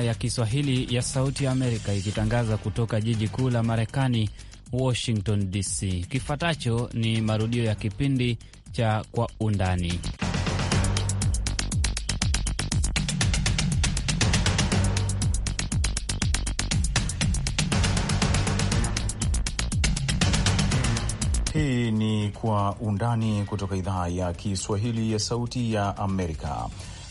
idhaa ya Kiswahili ya Sauti ya Amerika ikitangaza kutoka jiji kuu la Marekani, Washington DC. Kifuatacho ni marudio ya kipindi cha Kwa Undani. Hii ni Kwa Undani kutoka idhaa ya Kiswahili ya Sauti ya Amerika.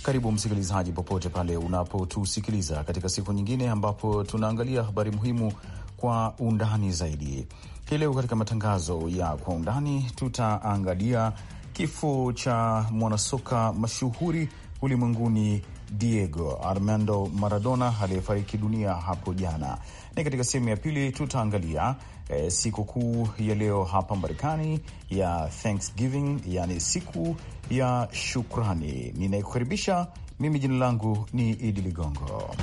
Karibu msikilizaji, popote pale unapotusikiliza katika siku nyingine ambapo tunaangalia habari muhimu kwa undani zaidi. Hii leo katika matangazo ya kwa undani tutaangalia kifo cha mwanasoka mashuhuri ulimwenguni Diego Armando Maradona aliyefariki dunia hapo jana. ni katika sehemu ya pili tutaangalia e, siku kuu ya leo hapa Marekani ya Thanksgiving, yani siku ya shukrani. Ninayekukaribisha mimi, jina langu ni Idi Ligongo.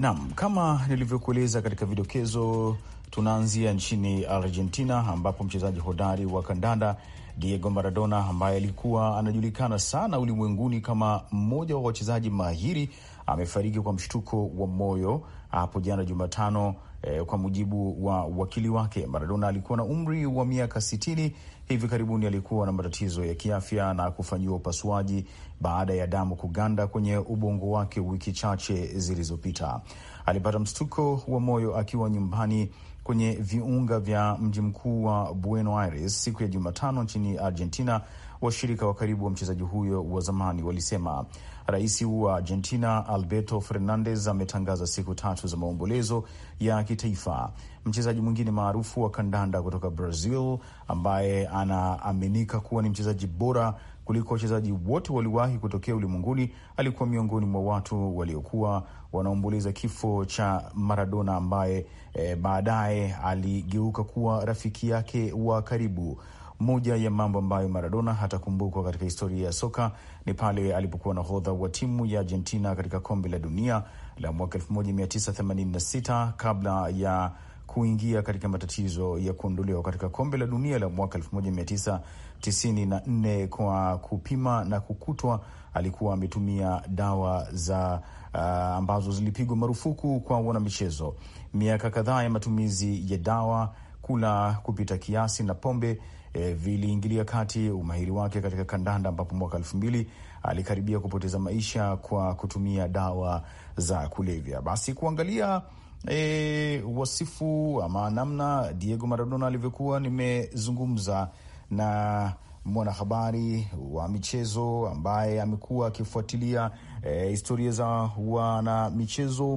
Naam, kama nilivyokueleza katika vidokezo, tunaanzia nchini Argentina ambapo mchezaji hodari wa kandanda Diego Maradona ambaye alikuwa anajulikana sana ulimwenguni kama mmoja wa wachezaji mahiri amefariki kwa mshtuko wa moyo hapo jana Jumatano eh, kwa mujibu wa wakili wake Maradona alikuwa na umri wa miaka sitini. Hivi karibuni alikuwa na matatizo ya kiafya na kufanyiwa upasuaji baada ya damu kuganda kwenye ubongo wake wiki chache zilizopita. Alipata mshtuko wa moyo akiwa nyumbani kwenye viunga vya mji mkuu wa Buenos Aires siku ya Jumatano nchini Argentina. Washirika wa karibu wa mchezaji huyo wa zamani walisema Rais wa Argentina Alberto Fernandez ametangaza siku tatu za maombolezo ya kitaifa. Mchezaji mwingine maarufu wa kandanda kutoka Brazil ambaye anaaminika kuwa ni mchezaji bora kuliko wachezaji wote waliwahi kutokea ulimwenguni, alikuwa miongoni mwa watu waliokuwa wanaomboleza kifo cha Maradona ambaye e, baadaye aligeuka kuwa rafiki yake wa karibu. Moja ya mambo ambayo Maradona hatakumbukwa katika historia ya soka ni pale alipokuwa nahodha wa timu ya Argentina katika kombe la dunia la mwaka 1986 kabla ya kuingia katika matatizo ya kuondolewa katika kombe la dunia la mwaka 1994 kwa kupima na kukutwa alikuwa ametumia dawa za uh, ambazo zilipigwa marufuku kwa wanamichezo. Miaka kadhaa ya matumizi ya dawa, kula kupita kiasi na pombe e, viliingilia kati umahiri wake katika kandanda, ambapo mwaka elfu mbili alikaribia kupoteza maisha kwa kutumia dawa za kulevya. Basi kuangalia e, wasifu ama namna Diego Maradona alivyokuwa, nimezungumza na mwanahabari wa michezo ambaye amekuwa akifuatilia e, historia za wanamichezo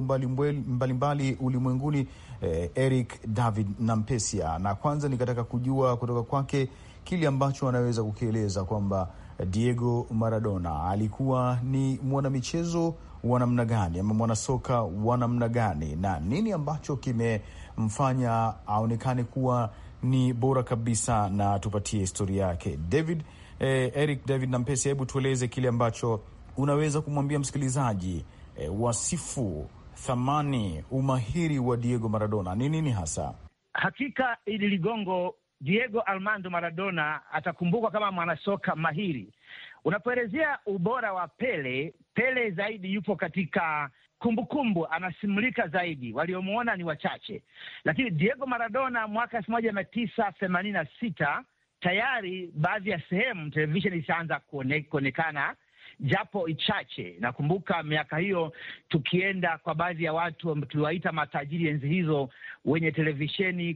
mbalimbali ulimwenguni e, Eric David Nampesia, na kwanza nikataka kujua kutoka kwake kile ambacho anaweza kukieleza kwamba eh, Diego Maradona alikuwa ni mwanamichezo wa namna gani ama mwanasoka wa namna gani na nini ambacho kimemfanya aonekane kuwa ni bora kabisa na tupatie historia yake. David eh, Eric David Nampesi, hebu tueleze kile ambacho unaweza kumwambia msikilizaji eh, wasifu thamani, umahiri wa Diego Maradona ni nini hasa? Hakika ili ligongo, Diego Armando Maradona atakumbukwa kama mwanasoka mahiri. Unapoelezea ubora wa Pele, Pele zaidi yupo katika kumbukumbu anasimulika zaidi, waliomwona ni wachache, lakini Diego Maradona mwaka elfu moja mia tisa themanini na sita tayari baadhi ya sehemu televisheni ishaanza kuonekana japo ichache. Nakumbuka miaka hiyo tukienda kwa baadhi ya watu tuliwaita matajiri enzi hizo, wenye televisheni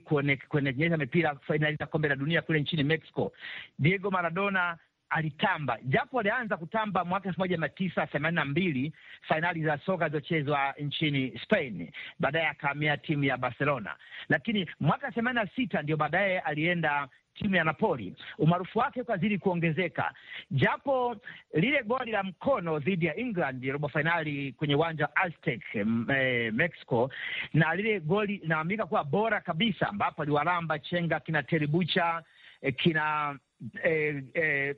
kuonyesha mipira fainali za kombe la dunia kule nchini Mexico. Diego Maradona alitamba japo alianza kutamba mwaka elfu moja mia tisa themanini na mbili fainali za soka zilizochezwa nchini Spain, baadaye akahamia timu ya Barcelona, lakini mwaka themanini na sita ndio baadaye alienda timu ya Napoli. Umaarufu wake ukazidi kuongezeka, japo lile goli la mkono dhidi ya England robo fainali kwenye uwanja wa Aztec eh, Mexico, na lile goli linaaminika kuwa bora kabisa, ambapo aliwaramba chenga kina Teribucha eh, kina eh, eh,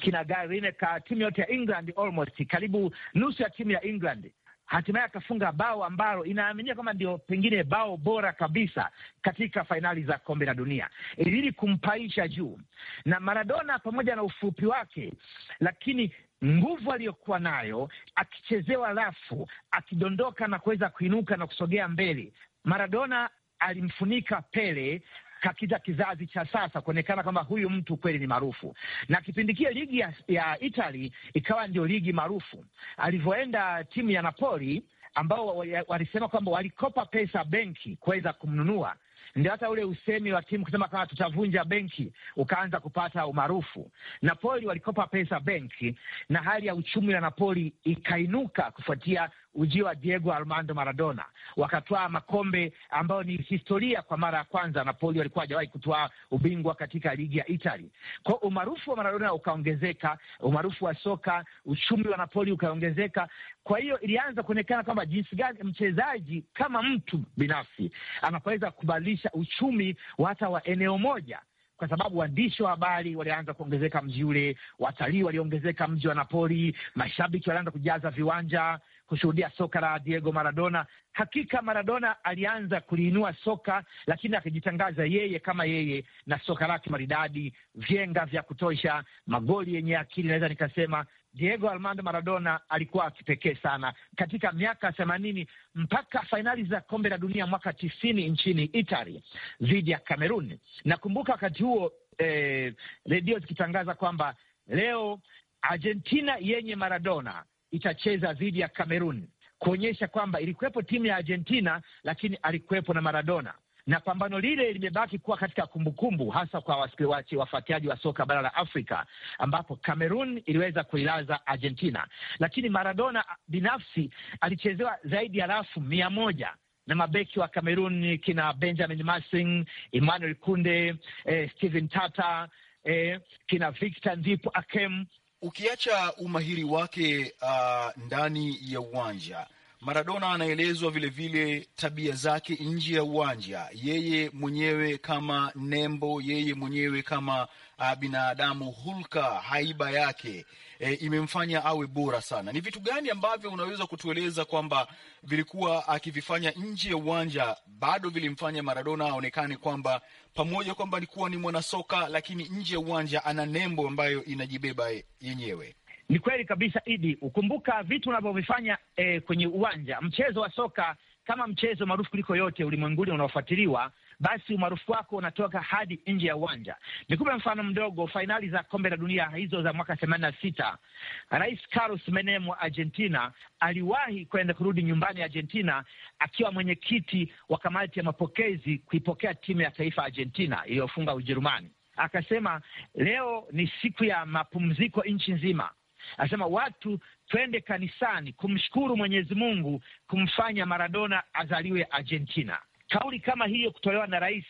kina Gary Lineker, timu yote ya England almost karibu nusu ya timu ya England hatimaye akafunga bao ambalo inaaminia kama ndio pengine bao bora kabisa katika fainali za kombe la dunia, ili kumpaisha juu. Na Maradona pamoja na ufupi wake, lakini nguvu aliyokuwa nayo, akichezewa rafu, akidondoka na kuweza kuinuka na kusogea mbele, Maradona alimfunika Pele katika kizazi cha sasa kuonekana kwamba huyu mtu kweli ni maarufu. Na kipindi kile ligi ya, ya Itali ikawa ndio ligi maarufu. Alivyoenda timu ya Napoli ambao walisema kwamba walikopa pesa benki kuweza kumnunua ndio hata ule usemi wa timu kusema kama tutavunja benki ukaanza kupata umaarufu. Napoli walikopa pesa benki, na hali ya uchumi wa Napoli ikainuka kufuatia ujio wa Diego Armando Maradona, wakatwaa makombe ambayo ni historia kwa mara ya kwanza. Napoli walikuwa hajawahi kutwaa ubingwa katika ligi ya Italy. Kwa umaarufu wa Maradona ukaongezeka, umaarufu wa soka, uchumi wa Napoli ukaongezeka. Kwa hiyo ilianza kuonekana kwamba jinsi gani mchezaji kama mtu binafsi anaweza kubadilisha uchumi hata wa eneo moja kwa sababu waandishi wa habari walianza kuongezeka mji ule, watalii waliongezeka mji wa Napoli, mashabiki walianza kujaza viwanja kushuhudia soka la Diego Maradona. Hakika Maradona alianza kuliinua soka, lakini akijitangaza yeye kama yeye na soka lake maridadi, vyenga vya kutosha, magoli yenye akili, naweza nikasema Diego Armando Maradona alikuwa kipekee sana katika miaka themanini mpaka fainali za kombe la dunia mwaka tisini nchini Italy dhidi ya Cameroon. Nakumbuka wakati huo eh, redio zikitangaza kwamba leo Argentina yenye Maradona itacheza dhidi ya Cameroon, kuonyesha kwamba ilikuwepo timu ya Argentina lakini alikuwepo na Maradona na pambano lile limebaki kuwa katika kumbukumbu kumbu, hasa kwa wasikilizaji wafuatiaji wa soka bara la Afrika, ambapo Cameroon iliweza kuilaza Argentina, lakini Maradona binafsi alichezewa zaidi ya rafu mia moja na mabeki wa Cameroon kina Benjamin Massing, Emmanuel Kunde, eh, Steven Tata, eh, kina Victor Ndipo Akem. Ukiacha umahiri wake uh, ndani ya uwanja Maradona anaelezwa vilevile tabia zake nje ya uwanja, yeye mwenyewe kama nembo, yeye mwenyewe kama uh, binadamu, hulka, haiba yake e, imemfanya awe bora sana. Ni vitu gani ambavyo unaweza kutueleza kwamba vilikuwa akivifanya nje ya uwanja bado vilimfanya Maradona aonekane kwamba pamoja kwamba alikuwa ni mwanasoka, lakini nje ya uwanja ana nembo ambayo inajibeba e, yenyewe? Ni kweli kabisa Idi, ukumbuka vitu unavyovifanya e, kwenye uwanja. Mchezo wa soka kama mchezo maarufu kuliko yote ulimwenguni unaofuatiliwa, basi umaarufu wako unatoka hadi nje ya uwanja. Nikupe mfano mdogo, fainali za kombe la dunia hizo za mwaka themanini na sita, Rais Carlos Menem wa Argentina aliwahi kwenda kurudi nyumbani Argentina akiwa mwenyekiti wa kamati ya mapokezi kuipokea timu ya taifa Argentina iliyofunga Ujerumani. Akasema leo ni siku ya mapumziko nchi nzima Anasema watu twende kanisani kumshukuru Mwenyezi Mungu kumfanya Maradona azaliwe Argentina. Kauli kama hiyo kutolewa na rais,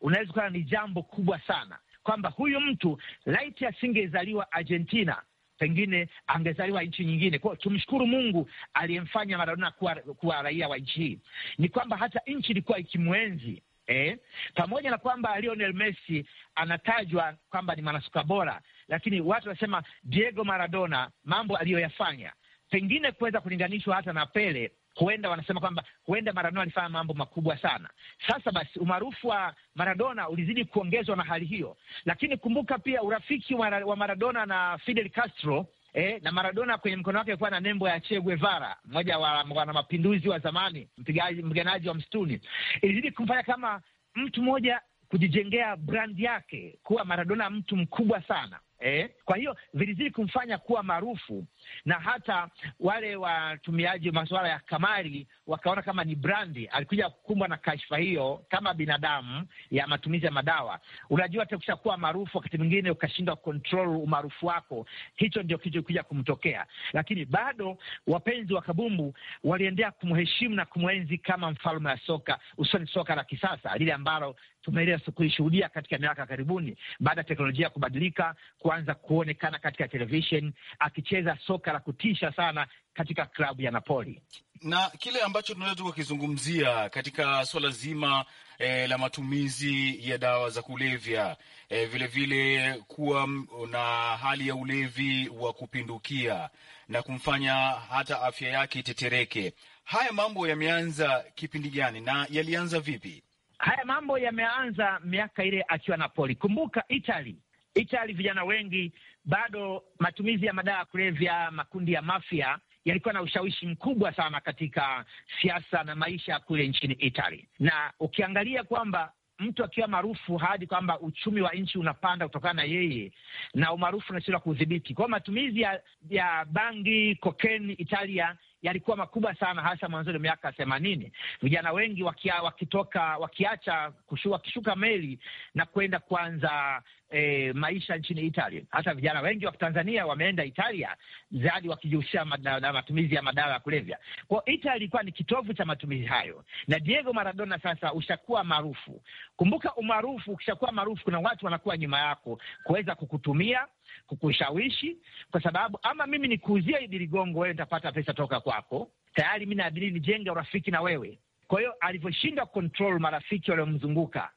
unaweza kuona ni jambo kubwa sana, kwamba huyu mtu laiti asingezaliwa Argentina pengine angezaliwa nchi nyingine. Kwa tumshukuru Mungu aliyemfanya Maradona kuwa, kuwa raia wa nchi hii. Ni kwamba hata nchi ilikuwa ikimwenzi eh, pamoja na kwamba Lionel Messi anatajwa kwamba ni mwanasoka bora, lakini watu wanasema Diego Maradona, mambo aliyoyafanya pengine kuweza kulinganishwa hata na Pele, huenda wanasema kwamba huenda Maradona alifanya mambo makubwa sana. Sasa basi, umaarufu wa Maradona ulizidi kuongezwa na hali hiyo, lakini kumbuka pia urafiki wa Maradona na Fidel Castro. Eh, na Maradona kwenye mkono wake alikuwa na nembo ya Che Guevara, mmoja wa mapinduzi wa zamani, mpigaji mpiganaji wa msituni. Ilizidi kumfanya kama mtu mmoja kujijengea brand yake kuwa Maradona mtu mkubwa sana eh? Kwa hiyo vilizidi kumfanya kuwa maarufu na hata wale watumiaji masuala ya kamari wakaona kama ni brandi. Alikuja kukumbwa na kashfa hiyo kama binadamu ya matumizi ya madawa. Unajua, hata kuwa maarufu, wakati mwingine ukashindwa kontrol umaarufu wako, hicho ndio kilichokuja kumtokea. Lakini bado wapenzi wa kabumbu waliendea kumheshimu na kumwenzi kama mfalme wa soka, hususani soka la kisasa lile ambalo tumeelea kuishuhudia katika miaka karibuni, baada ya teknolojia kubadilika, kuanza kuonekana katika televishen akicheza soka soka la kutisha sana katika klabu ya Napoli na kile ambacho tunaweza tukakizungumzia katika suala zima e, la matumizi ya dawa za kulevya eh, e, vilevile kuwa na hali ya ulevi wa kupindukia na kumfanya hata afya yake itetereke. Haya mambo yameanza kipindi gani na yalianza vipi? Haya mambo yameanza miaka ile akiwa Napoli. Kumbuka Itali Itali vijana wengi bado, matumizi ya madawa ya kulevya, makundi ya mafia yalikuwa na ushawishi mkubwa sana katika siasa na maisha kule nchini Itali, na ukiangalia kwamba mtu akiwa maarufu hadi kwamba uchumi wa nchi unapanda kutokana na yeye na umaarufu unashindwa kudhibiti. Kwa hiyo matumizi ya, ya bangi, kokeni Italia yalikuwa makubwa sana, hasa mwanzoni miaka themanini. Vijana wengi wakia, wakitoka wakiacha kushu, wakishuka meli na kwenda kuanza e, maisha nchini Italia. Hata vijana wengi wa Tanzania wameenda Italia zaidi wakijihusisha na matumizi ya madawa ya kulevya. Kwa Italia ilikuwa ni kitovu cha matumizi hayo, na Diego Maradona sasa ushakuwa maarufu. Kumbuka, umaarufu ukishakuwa maarufu, kuna watu wanakuwa nyuma yako kuweza kukutumia kukushawishi kwa sababu ama mimi nikuuzie hili ligongo, wewe nitapata pesa toka kwako, tayari mi naabili nijenge urafiki na wewe. Kwa hiyo alivyoshindwa control marafiki waliomzunguka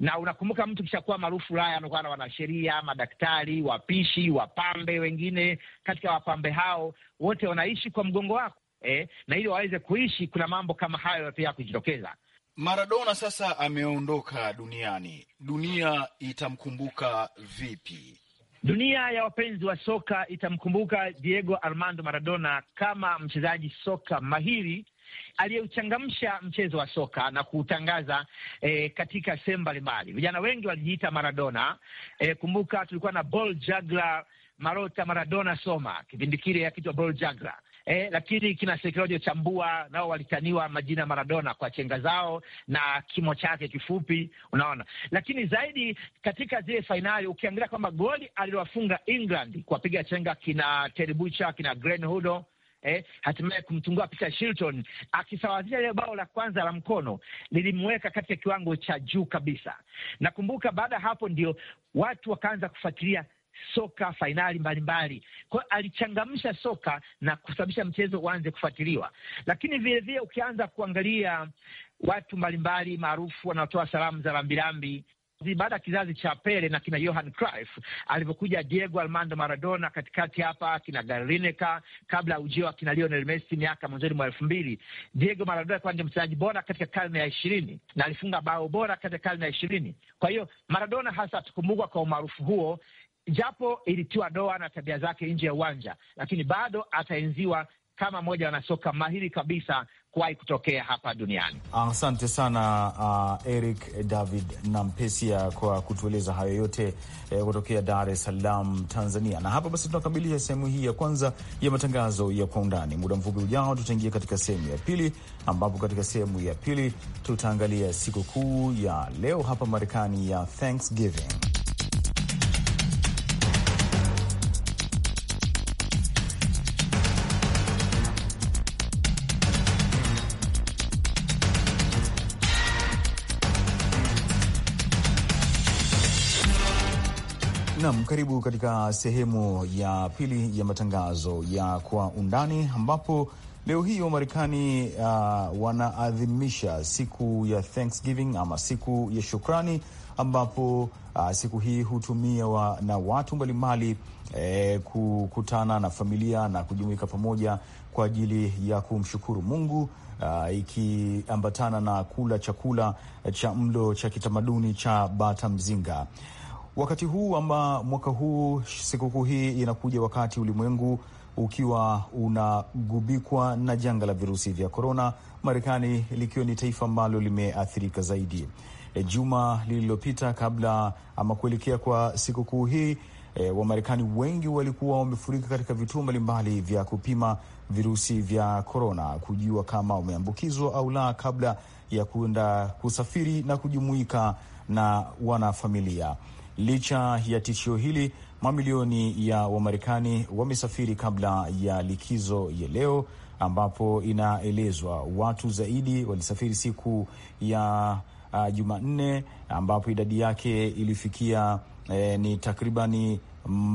na unakumbuka mtu kishakuwa maarufu Ulaya amekuwa na wanasheria, madaktari, wapishi, wapambe. Wengine katika wapambe hao wote wanaishi kwa mgongo wako eh, na ili waweze kuishi, kuna mambo kama hayo pia kujitokeza. Maradona sasa ameondoka duniani, dunia itamkumbuka vipi? Dunia ya wapenzi wa soka itamkumbuka Diego Armando Maradona kama mchezaji soka mahiri aliyeuchangamsha mchezo wa soka na kuutangaza eh, katika sehemu mbalimbali. Vijana wengi walijiita Maradona. Eh, kumbuka tulikuwa na ball jagla Marota Maradona Soma kipindi kile akitwa ball Jagla. Eh, lakini kina Sekerojo Chambua nao walitaniwa majina Maradona kwa chenga zao na kimo chake kifupi, unaona. Lakini zaidi katika zile fainali, ukiangalia kwamba goli alilowafunga England kuwapiga chenga kina Teribucha, kina Glenn Hoddle eh, hatimaye kumtungua Peter Shilton akisawazisha lile bao la kwanza la mkono, lilimweka katika kiwango cha juu kabisa. Nakumbuka baada ya hapo ndio watu wakaanza kufuatilia soka fainali mbalimbali. Kwa hiyo alichangamsha soka na kusababisha mchezo uanze kufuatiliwa, lakini vilevile ukianza kuangalia watu mbalimbali maarufu wanaotoa salamu za rambirambi baada ya kizazi cha Pele na kina Johan Cruyff, alivyokuja Diego Armando Maradona katikati hapa, kina Gary Lineker, kabla ya ujio wa kina Lionel Messi miaka mwanzoni mwa elfu mbili. Diego Maradona alikuwa ndio mchezaji bora katika karne ya ishirini na alifunga bao bora katika karne ya ishirini. Kwa hiyo Maradona hasa atakumbukwa kwa umaarufu huo, japo ilitiwa doa na tabia zake nje ya uwanja, lakini bado ataenziwa kama mmoja wanasoka mahiri kabisa kuwahi kutokea hapa duniani. Asante sana ah, Eric David Nampesia kwa kutueleza hayo yote eh, kutokea Dar es Salaam, Tanzania. Na hapa basi tunakamilisha sehemu hii ya kwanza ya matangazo ya kwa undani. Muda mfupi ujao, tutaingia katika sehemu ya pili, ambapo katika sehemu ya pili tutaangalia sikukuu ya leo hapa Marekani ya Thanksgiving. Nam, karibu katika sehemu ya pili ya matangazo ya kwa undani ambapo leo hii Wamarekani uh, wanaadhimisha siku ya Thanksgiving ama siku ya shukrani ambapo uh, siku hii hutumiwa na watu mbalimbali eh, kukutana na familia na kujumuika pamoja kwa ajili ya kumshukuru Mungu uh, ikiambatana na kula chakula cha mlo cha kitamaduni cha bata mzinga wakati huu ama mwaka huu, sikukuu hii inakuja wakati ulimwengu ukiwa unagubikwa na janga la virusi vya korona, Marekani likiwa ni taifa ambalo limeathirika zaidi. E, juma lililopita kabla ama kuelekea kwa sikukuu hii e, Wamarekani wengi walikuwa wamefurika katika vituo mbalimbali vya kupima virusi vya korona kujua kama wameambukizwa au la, kabla ya kuenda kusafiri na kujumuika na wanafamilia. Licha ya tishio hili, mamilioni ya Wamarekani wamesafiri kabla ya likizo ya leo, ambapo inaelezwa watu zaidi walisafiri siku ya uh, Jumanne, ambapo idadi yake ilifikia eh, ni takribani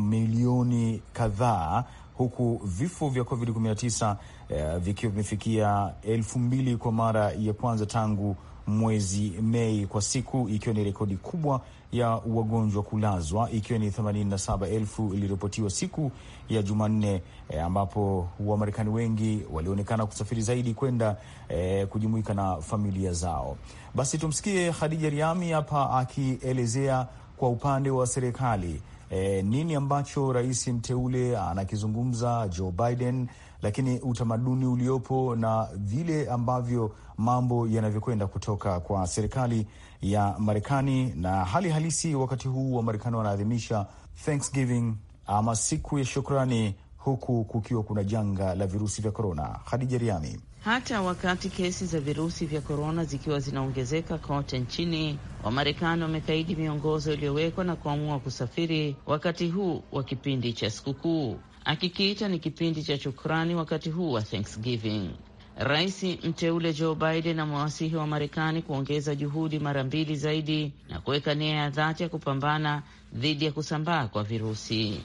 milioni kadhaa huku vifo vya COVID-19 eh, vikiwa vimefikia elfu mbili kwa mara ya kwanza tangu mwezi Mei kwa siku, ikiwa ni rekodi kubwa ya wagonjwa kulazwa, ikiwa ni 87,000 iliripotiwa siku ya Jumanne, e, ambapo Wamarekani wengi walionekana kusafiri zaidi kwenda e, kujumuika na familia zao. Basi tumsikie Khadija Riami hapa akielezea kwa upande wa serikali e, nini ambacho rais mteule anakizungumza Joe Biden lakini utamaduni uliopo na vile ambavyo mambo yanavyokwenda kutoka kwa serikali ya Marekani na hali halisi. Wakati huu wa Marekani wanaadhimisha Thanksgiving ama siku ya shukrani, huku kukiwa kuna janga la virusi vya korona. Hadija Riami. Hata wakati kesi za virusi vya korona zikiwa zinaongezeka kote nchini, Wamarekani wamekaidi miongozo iliyowekwa na kuamua kusafiri wakati huu wa kipindi cha sikukuu akikiita ni kipindi cha shukrani wakati huu wa Thanksgiving. Rais mteule Joe Biden amewasihi wa Marekani kuongeza juhudi mara mbili zaidi na kuweka nia ya dhati ya kupambana dhidi ya kusambaa kwa virusi.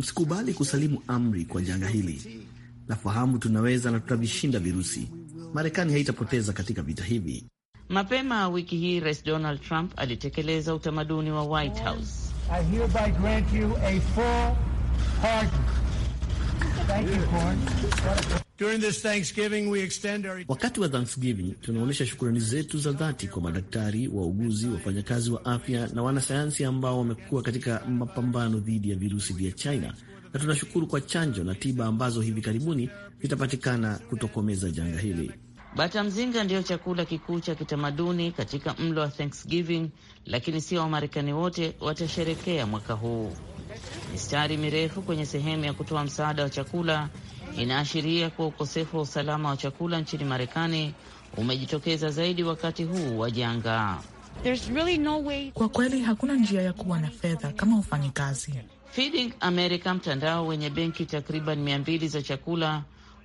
Msikubali kusalimu amri kwa janga hili. Nafahamu tunaweza na tutavishinda virusi. Marekani haitapoteza katika vita hivi. Mapema wiki hii, Rais Donald Trump alitekeleza utamaduni wa White House I hereby grant you a full pardon. Thank you, Corn. During this Thanksgiving we extend our... Wakati wa Thanksgiving tunaonyesha shukrani zetu za dhati kwa madaktari, wauguzi, wafanyakazi wa afya na wanasayansi ambao wamekuwa katika mapambano dhidi ya virusi vya China na tunashukuru kwa chanjo na tiba ambazo hivi karibuni zitapatikana kutokomeza janga hili. Bata mzinga ndiyo chakula kikuu cha kitamaduni katika mlo wa Thanksgiving, lakini sio Wamarekani wote watasherekea mwaka huu. Mistari mirefu kwenye sehemu ya kutoa msaada wa chakula inaashiria kuwa ukosefu wa usalama wa chakula nchini Marekani umejitokeza zaidi wakati huu wa janga. Really no way... kwa kweli hakuna njia ya kuwa na fedha kama ufanyi kazi. Feeding America, mtandao wenye benki takriban mia mbili za chakula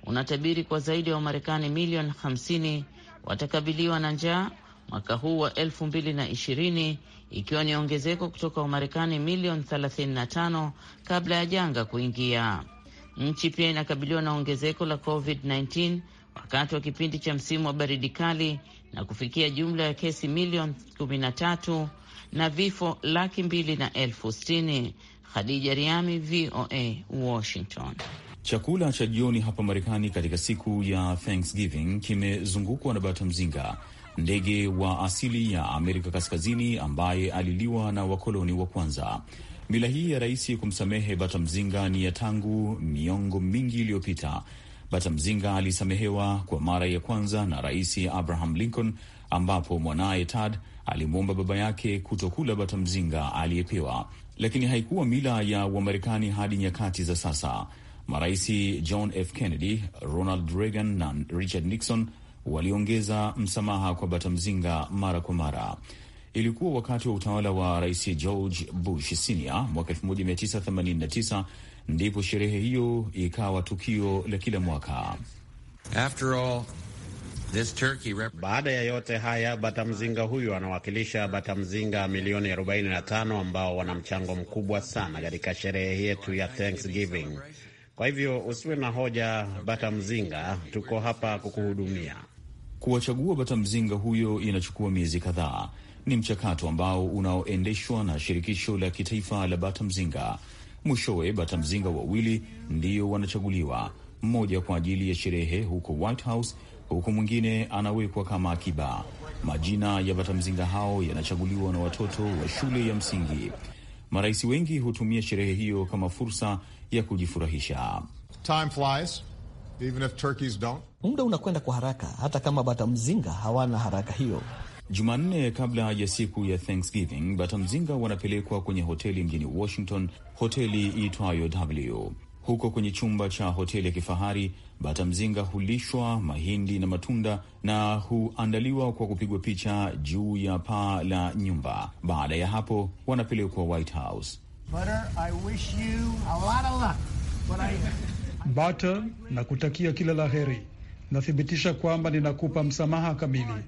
unatabiri kwa zaidi ya wa Wamarekani milioni 50 watakabiliwa na njaa mwaka huu wa 2020 ikiwa ni ongezeko kutoka Wamarekani milioni 35 kabla ya janga kuingia. Nchi pia inakabiliwa na ongezeko la COVID-19 wakati wa kipindi cha msimu wa baridi kali na kufikia jumla ya kesi milioni 13 na vifo laki mbili na elfu sitini. Khadija Riami, VOA, Washington. Chakula cha jioni hapa Marekani katika siku ya Thanksgiving kimezungukwa na bata mzinga, ndege wa asili ya Amerika Kaskazini ambaye aliliwa na wakoloni wa kwanza. Mila hii ya rais kumsamehe bata mzinga ni ya tangu miongo mingi iliyopita. Bata mzinga alisamehewa kwa mara ya kwanza na Rais Abraham Lincoln, ambapo mwanaye Tad alimwomba baba yake kutokula bata mzinga aliyepewa, lakini haikuwa mila ya Wamarekani hadi nyakati za sasa. Marais John F Kennedy, Ronald Reagan na Richard Nixon waliongeza msamaha kwa bata mzinga mara kwa mara. Ilikuwa wakati wa utawala wa Rais George Bush Senior mwaka 1989 ndipo sherehe hiyo ikawa tukio la kila mwaka. After all, this turkey Baada ya yote haya, batamzinga huyu anawakilisha batamzinga milioni 45 ambao wana mchango mkubwa sana katika sherehe yetu ya Thanksgiving. Kwa hivyo usiwe na hoja bata mzinga, tuko hapa kukuhudumia. Kuwachagua bata mzinga huyo inachukua miezi kadhaa. Ni mchakato ambao unaoendeshwa na shirikisho la kitaifa la bata mzinga. Mwishowe bata mzinga wawili ndio wanachaguliwa, mmoja kwa ajili ya sherehe huko White House, huku mwingine anawekwa kama akiba. Majina ya bata mzinga hao yanachaguliwa na watoto wa shule ya msingi. Marais wengi hutumia sherehe hiyo kama fursa ya kujifurahisha. Time flies, even if turkeys don't. Muda unakwenda kwa haraka, hata kama bata mzinga hawana haraka hiyo. Jumanne kabla ya siku ya Thanksgiving, bata mzinga wanapelekwa kwenye hoteli mjini Washington, hoteli iitwayo W. Huko kwenye chumba cha hoteli ya kifahari, bata mzinga hulishwa mahindi na matunda na huandaliwa kwa kupigwa picha juu ya paa la nyumba. Baada ya hapo, wanapelekwa White House. Butter, nakutakia kila la heri, nathibitisha kwamba ninakupa msamaha kamili.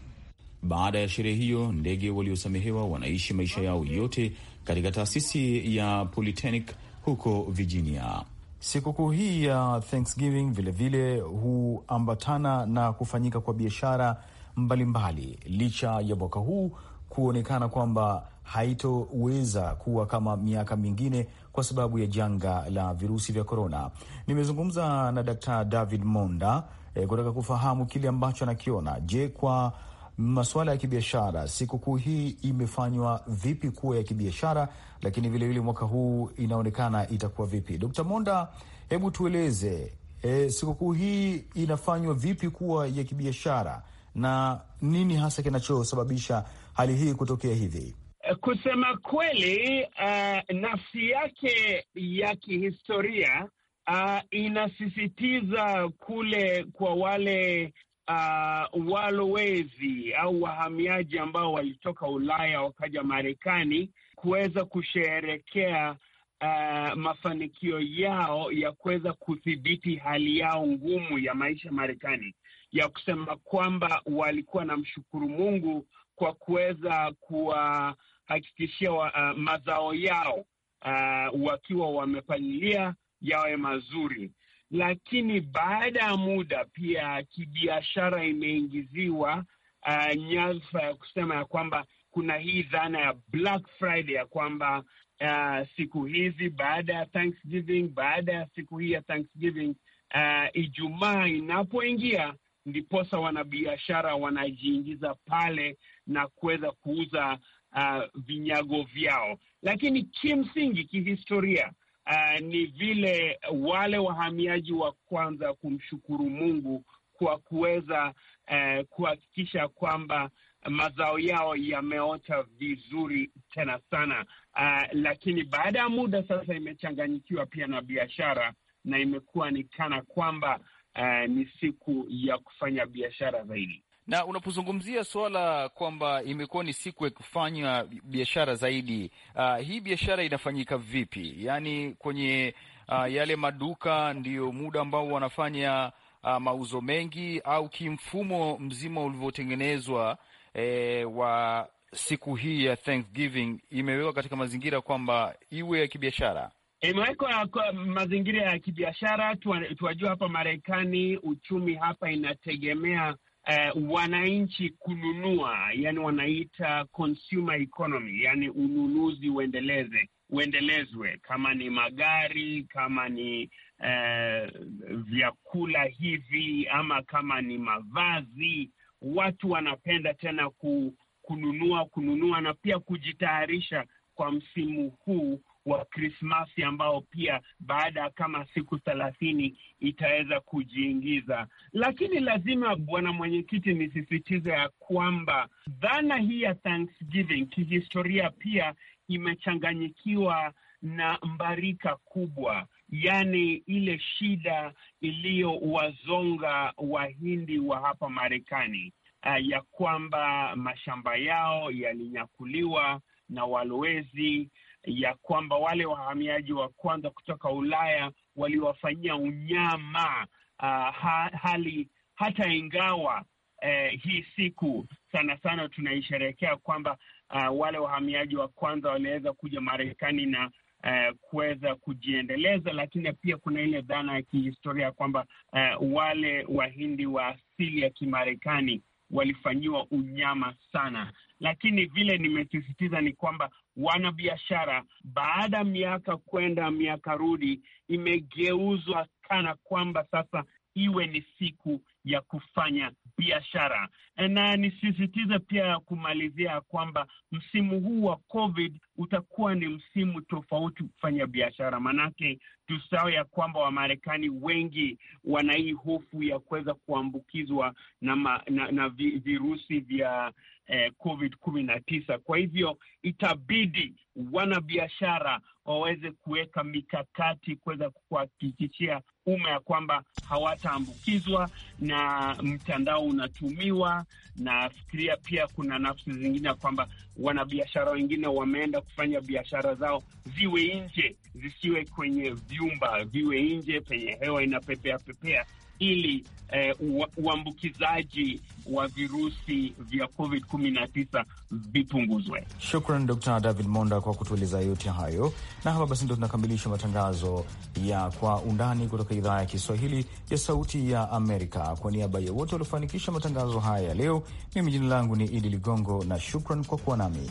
Baada ya sherehe hiyo, ndege waliosamehewa wanaishi maisha yao yote katika taasisi ya Polytechnic huko Virginia. Sikukuu hii ya Thanksgiving vilevile huambatana na kufanyika kwa biashara mbalimbali, licha ya mwaka huu kuonekana kwamba haitoweza kuwa kama miaka mingine kwa sababu ya janga la virusi vya korona. Nimezungumza na Daktari David Monda eh, kutaka kufahamu kile ambacho anakiona. Je, kwa masuala ya kibiashara, sikukuu hii imefanywa vipi kuwa ya kibiashara, lakini vilevile mwaka huu inaonekana itakuwa vipi? Dkt. Monda, hebu tueleze e, sikukuu hii inafanywa vipi kuwa ya kibiashara na nini hasa kinachosababisha hali hii kutokea hivi? Kusema kweli, uh, nafsi yake ya kihistoria Uh, inasisitiza kule kwa wale uh, walowezi au wahamiaji ambao walitoka Ulaya wakaja Marekani kuweza kusherehekea uh, mafanikio yao ya kuweza kudhibiti hali yao ngumu ya maisha Marekani, ya kusema kwamba walikuwa na mshukuru Mungu kwa kuweza kuwahakikishia uh, mazao yao uh, wakiwa wamepangilia yawe mazuri lakini baada ya muda pia kibiashara imeingiziwa uh, nyalfa ya kusema ya kwamba kuna hii dhana ya Black Friday ya kwamba uh, siku hizi baada ya Thanksgiving, baada ya siku hii ya Thanksgiving uh, Ijumaa inapoingia ndiposa wanabiashara wanajiingiza pale na kuweza kuuza uh, vinyago vyao, lakini kimsingi kihistoria uh, ni vile wale wahamiaji wa kwanza kumshukuru Mungu kwa kuweza uh, kuhakikisha kwamba mazao yao yameota vizuri tena sana. Uh, lakini baada ya muda sasa imechanganyikiwa pia na biashara na imekuwa ni kana kwamba uh, ni siku ya kufanya biashara zaidi. Na unapozungumzia suala kwamba imekuwa ni siku ya kufanya biashara zaidi, uh, hii biashara inafanyika vipi? Yaani kwenye uh, yale maduka ndiyo muda ambao wanafanya uh, mauzo mengi, au kimfumo mzima ulivyotengenezwa eh, wa siku hii ya Thanksgiving imewekwa katika mazingira kwamba iwe ya kibiashara imewekwa mazingira ya kibiashara. Tuwajua hapa Marekani uchumi hapa inategemea uh, wananchi kununua, yani wanaita consumer economy, yani ununuzi uendeleze uendelezwe, kama ni magari, kama ni uh, vyakula hivi, ama kama ni mavazi. Watu wanapenda tena ku, kununua kununua na pia kujitayarisha kwa msimu huu wa Krismasi ambao pia baada ya kama siku thelathini itaweza kujiingiza. Lakini lazima, bwana mwenyekiti, nisisitize ya kwamba dhana hii ya Thanksgiving kihistoria pia imechanganyikiwa na mbarika kubwa, yaani ile shida iliyowazonga Wahindi wa hapa Marekani, eh, ya kwamba mashamba yao yalinyakuliwa na walowezi, ya kwamba wale wahamiaji wa kwanza kutoka Ulaya waliwafanyia unyama uh, ha, hali hata ingawa eh, hii siku sana sana tunaisherehekea kwamba uh, wale wahamiaji wa kwanza waliweza kuja Marekani na Uh, kuweza kujiendeleza, lakini pia kuna ile dhana ya kihistoria kwamba uh, wale Wahindi wa asili ya Kimarekani walifanyiwa unyama sana, lakini vile nimesisitiza ni kwamba wanabiashara, baada ya miaka kwenda miaka rudi, imegeuzwa kana kwamba sasa iwe ni siku ya kufanya biashara. Na nisisitize pia ya kumalizia kwamba msimu huu wa COVID utakuwa ni msimu tofauti kufanya biashara, maanake tusawe ya kwamba Wamarekani wengi wana hii hofu ya kuweza kuambukizwa na, na, na virusi vya eh, COVID kumi na tisa. Kwa hivyo itabidi wanabiashara waweze kuweka mikakati kuweza kuhakikishia umma ya kwamba hawataambukizwa na mtandao unatumiwa. Nafikiria pia kuna nafsi zingine ya kwamba wanabiashara wengine wameenda kufanya biashara zao ziwe nje, zisiwe kwenye vyumba, viwe nje penye hewa inapepea pepea ili eh, uambukizaji wa virusi vya COVID 19 vipunguzwe. Shukran Dr David Monda kwa kutueleza yote hayo, na hapa basi ndo tunakamilisha matangazo ya Kwa Undani kutoka idhaa ya Kiswahili ya Sauti ya Amerika. Kwa niaba ya wote waliofanikisha matangazo haya ya leo, mimi jina langu ni Idi Ligongo na shukran kwa kuwa nami.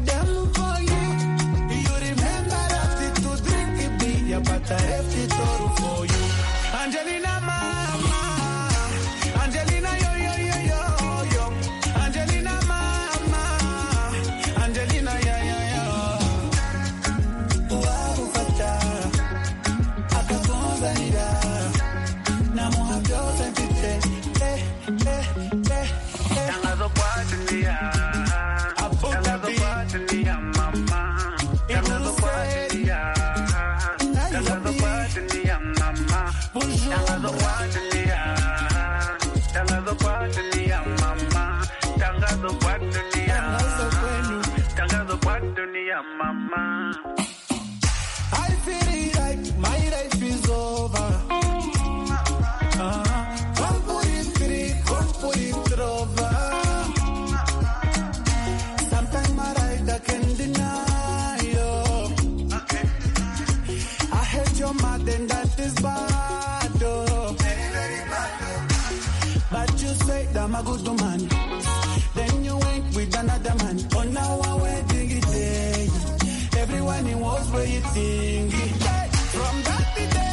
taref ti toru fo was waiting. From that day.